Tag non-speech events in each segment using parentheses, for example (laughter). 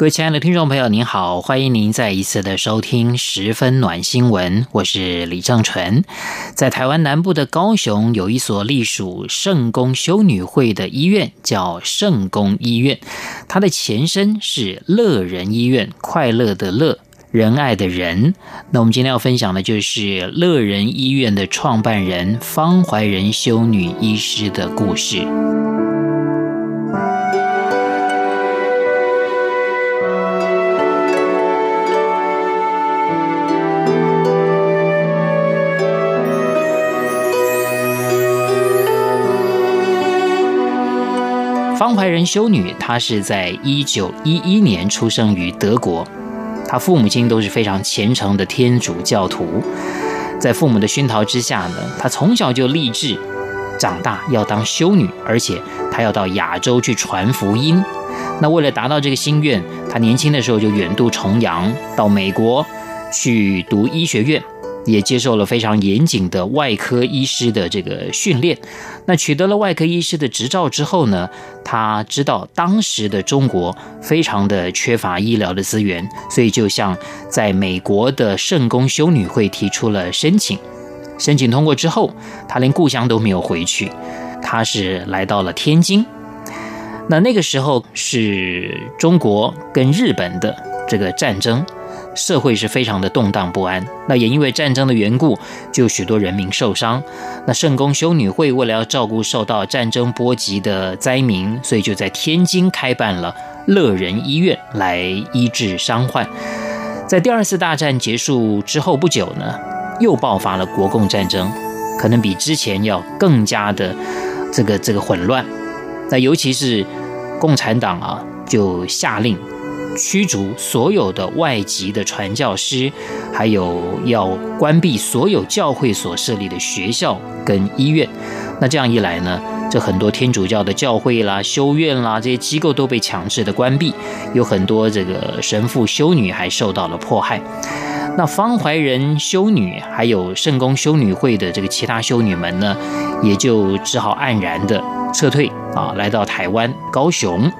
各位親愛的聽眾朋友，您好，歡迎您再一次的收聽《十分暖新聞》，我是李正淳。在台灣南部的高雄，有一所隸屬聖功修女會的醫院，叫聖功醫院。它的前身是樂仁醫院，快樂的樂，仁愛的仁。那我們今天要分享的就是樂仁醫院的創辦人方懷仁修女醫師的故事。方懷仁修女，她是在一九一一年出生於德國，她父母親都是非常虔誠的天主教徒，在父母的熏陶之下呢，她從小就立志長大要當修女，而且她要到亞洲去傳福音。那為了達到這個心願，她年輕的時候就遠渡重洋到美國去讀醫學院。也接受了非常嚴謹的外科醫師的這個訓練，那取得了外科醫師的執照之後呢，她知道當時的中國非常的缺乏醫療的資源，所以就向在美國的聖公修女會提出了申請。申請通過之後，她連故鄉都沒有回去，她是來到了天津。那那個時候是中國跟日本的這個戰爭。社會是非常的動盪不安，那也因為戰爭的緣故，就許多人民受傷。那聖功修女會為了要照顧受到戰爭波及的災民，所以就在天津開辦了樂仁醫院來醫治傷患。在第二次大戰結束之後不久呢，又爆發了國共戰爭，可能比之前要更加的這個這個混亂。那尤其是共產黨啊，就下令。驅逐所有的外籍的傳教士，還有要關閉所有教會所設立的學校跟醫院。那這樣一來呢，這很多天主教的教會啦、修院啦，這些機構都被強制的關閉，有很多這個神父、修女還受到了迫害。那方懷仁修女還有聖公修女會的這個其他修女們呢，也就只好黯然的撤退啊，來到台灣高雄。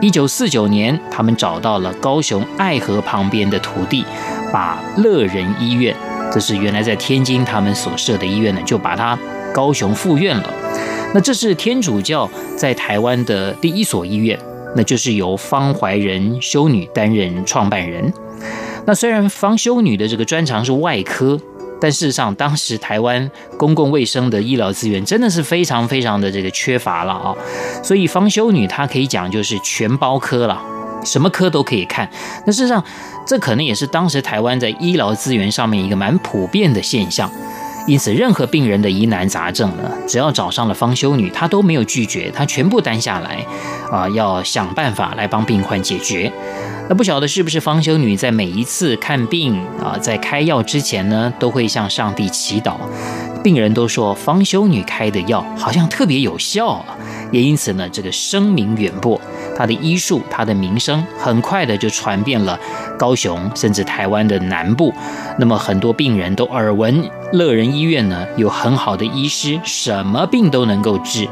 一九四九年，他們找到了高雄愛河旁邊的土地，把樂仁醫院，這是原來在天津他們所設的醫院呢，就把它高雄復院了。那這是天主教在台灣的第一所醫院，那就是由方懷仁修女擔任創辦人。那雖然方修女的這個專長是外科。但事實上，當時台灣公共衛生的醫療資源真的是非常非常的這個缺乏了啊、哦，所以方修女她可以講就是全包科了，什麼科都可以看。那事實上，這可能也是當時台灣在醫療資源上面一個蠻普遍的現象。因此，任何病人的疑難雜症呢，只要找上了方修女，她都沒有拒絕，她全部擔下來啊，要想辦法來幫病患解決。那不曉得是不是方修女在每一次看病啊，在開藥之前呢，都會向上帝祈禱。病人都說方修女開的藥好像特別有效啊，也因此呢，這個聲名遠播。她的醫術，她的名聲，很快的就傳遍了高雄，甚至台灣的南部。那麼很多病人都耳聞樂仁醫院呢，有很好的醫師，什麼病都能夠治。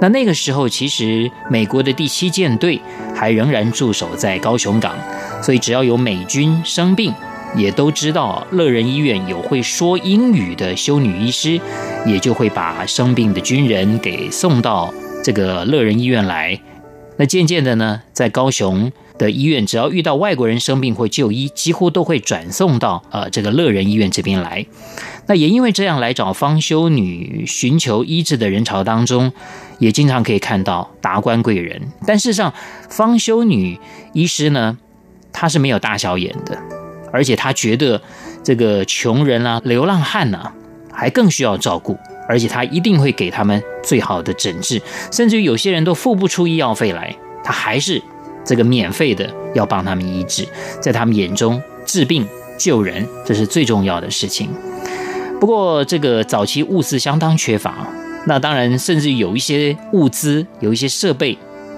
那那個時候，其實美國的第七艦隊還仍然駐守在高雄港，所以只要有美軍生病，也都知道樂仁醫院有會說英語的修女醫師，也就會把生病的軍人給送到這個樂仁醫院來。那漸漸的呢，在高雄的醫院，只要遇到外國人生病或就醫，幾乎都會轉送到呃這個樂仁醫院這邊來。那也因為這樣，來找方修女尋求醫治的人潮當中。也經常可以看到達官貴人，但事實上，方修女醫師呢，她是沒有大小眼的，而且她覺得這個窮人啊、流浪漢呢、啊，還更需要照顧，而且她一定會給他們最好的診治，甚至於有些人都付不出醫藥費來，她還是這個免費的要幫他們醫治。在他們眼中，治病救人這是最重要的事情。不過，這個早期物資相當缺乏。那當然，甚至有一些物資，有一些設備，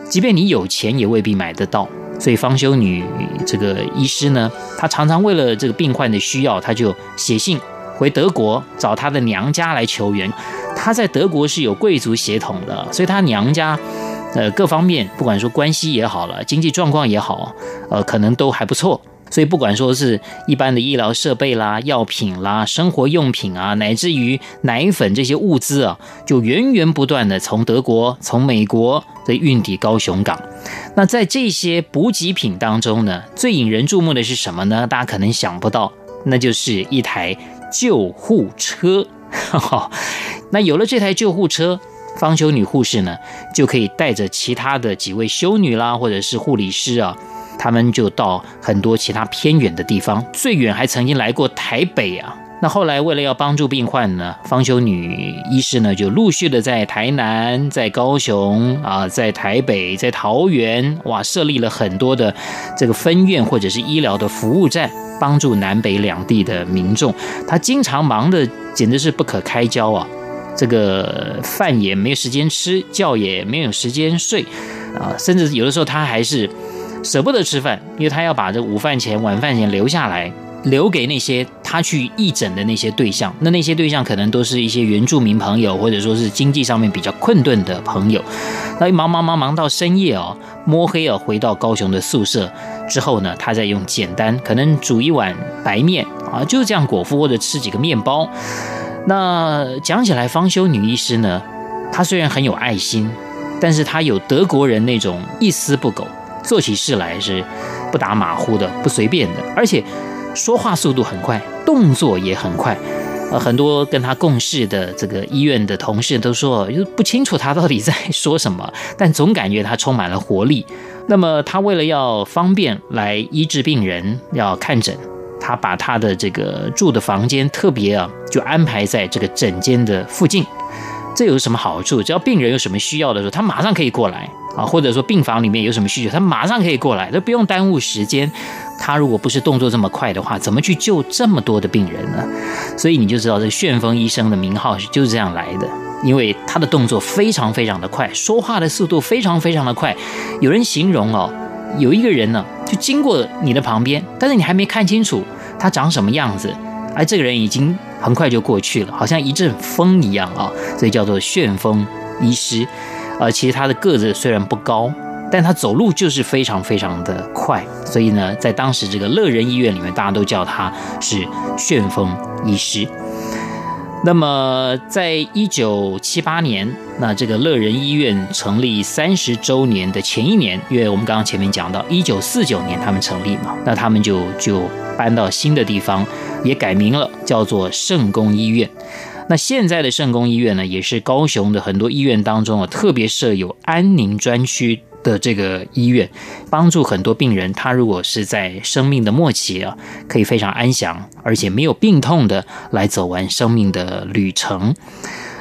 即便你有錢，也未必買得到。所以方修女這個醫師呢，她常常為了這個病患的需要，她就寫信回德國找她的娘家來求援。她在德國是有貴族血統的，所以她娘家，呃，各方面不管說關係也好了，經濟狀況也好，呃，可能都還不錯。所以，不管說是一般的醫療設備啦、藥品啦、生活用品啊，乃至於奶粉這些物資啊，就源源不斷地從德國、從美國的運抵高雄港。那在這些補給品當中呢，最引人注目的是什麼呢？大家可能想不到，那就是一台救護車。 (laughs) 那有了這台救護車，方修女護士呢，就可以帶着其他的幾位修女啦，或者是護理師啊。他們就到很多其他偏遠的地方，最遠還曾經來過台北啊。那後來為了要幫助病患呢，方修女醫師呢就陸續的在台南、在高雄啊、在台北、在桃園，哇，設立了很多的這個分院或者是醫療的服務站，幫助南北兩地的民眾。他經常忙得簡直是不可開交啊，這個飯也沒有時間吃，覺也沒有時間睡，啊，甚至有的時候他還是。捨不得吃飯，因為他要把這午飯錢、晚飯錢留下來，留給那些他去義診的那些對象。那那些對象可能都是一些原住民朋友，或者說是經濟上面比較困頓的朋友。那忙忙忙忙到深夜哦，摸黑哦，回到高雄的宿舍之後呢，他再用簡單可能煮一碗白麵啊，就這樣果腹或者吃幾個麵包。那講起來，方修女醫師呢，她雖然很有愛心，但是她有德國人那種一絲不苟。做起事來是不打馬虎的，不隨便的，而且說話速度很快，動作也很快。呃，很多跟他共事的這個醫院的同事都說，就不清楚他到底在說什麼，但總感覺他充滿了活力。那麼，他為了要方便來醫治病人、要看診，他把他的這個住的房間特別啊，就安排在這個診間的附近。這有什麼好處？只要病人有什麼需要的時候，他馬上可以過來啊，或者說病房裡面有什麼需求，他馬上可以過來，都不用耽誤時間。他如果不是動作這麼快的話，怎麼去救這麼多的病人呢？所以你就知道這“旋風醫生”的名號就是這樣來的，因為他的動作非常非常的快，說話的速度非常非常的快。有人形容哦，有一個人呢，就經過你的旁邊，但是你還沒看清楚他長什麼樣子，而這個人已經。很快就過去了，好像一陣風一樣啊，所以叫做旋風醫師。呃，其實他的個子雖然不高，但他走路就是非常非常的快，所以呢，在當時這個樂仁醫院裡面，大家都叫他是旋風醫師。那麼，在一九七八年，那這個樂仁醫院成立三十周年的前一年，因為我們剛剛前面講到，一九四九年他們成立嘛，那他們就就搬到新的地方，也改名了，叫做聖功醫院。那現在的聖功醫院呢，也是高雄的很多醫院當中啊，特別設有安寧專區的這個醫院，幫助很多病人。他如果是在生命的末期啊，可以非常安詳，而且沒有病痛的來走完生命的旅程。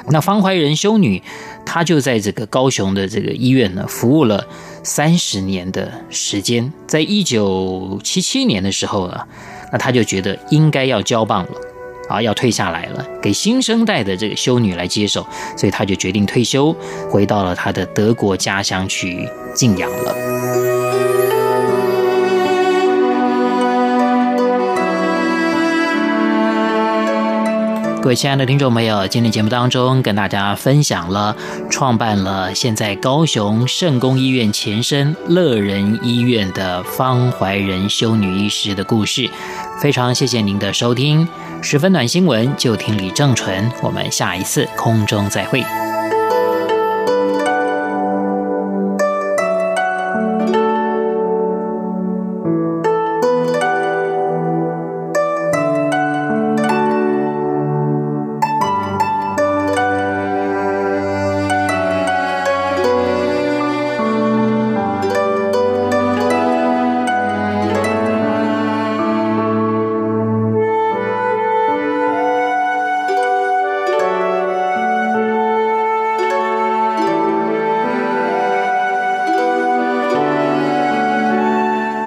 那方懷仁修女，她就在這個高雄的這個醫院呢，服務了三十年的時間。在一九七七年的時候呢、啊。那他就覺得應該要交棒了，啊，要退下來了，給新生代的這個修女來接手，所以他就決定退休，回到了他的德國家鄉去靜養了。各位親愛的聽眾朋友，今天節目當中跟大家分享了創辦了現在高雄聖公醫院前身樂仁醫院的方懷仁修女醫師的故事，非常謝謝您的收聽，十分暖新聞就聽李正淳，我們下一次空中再會。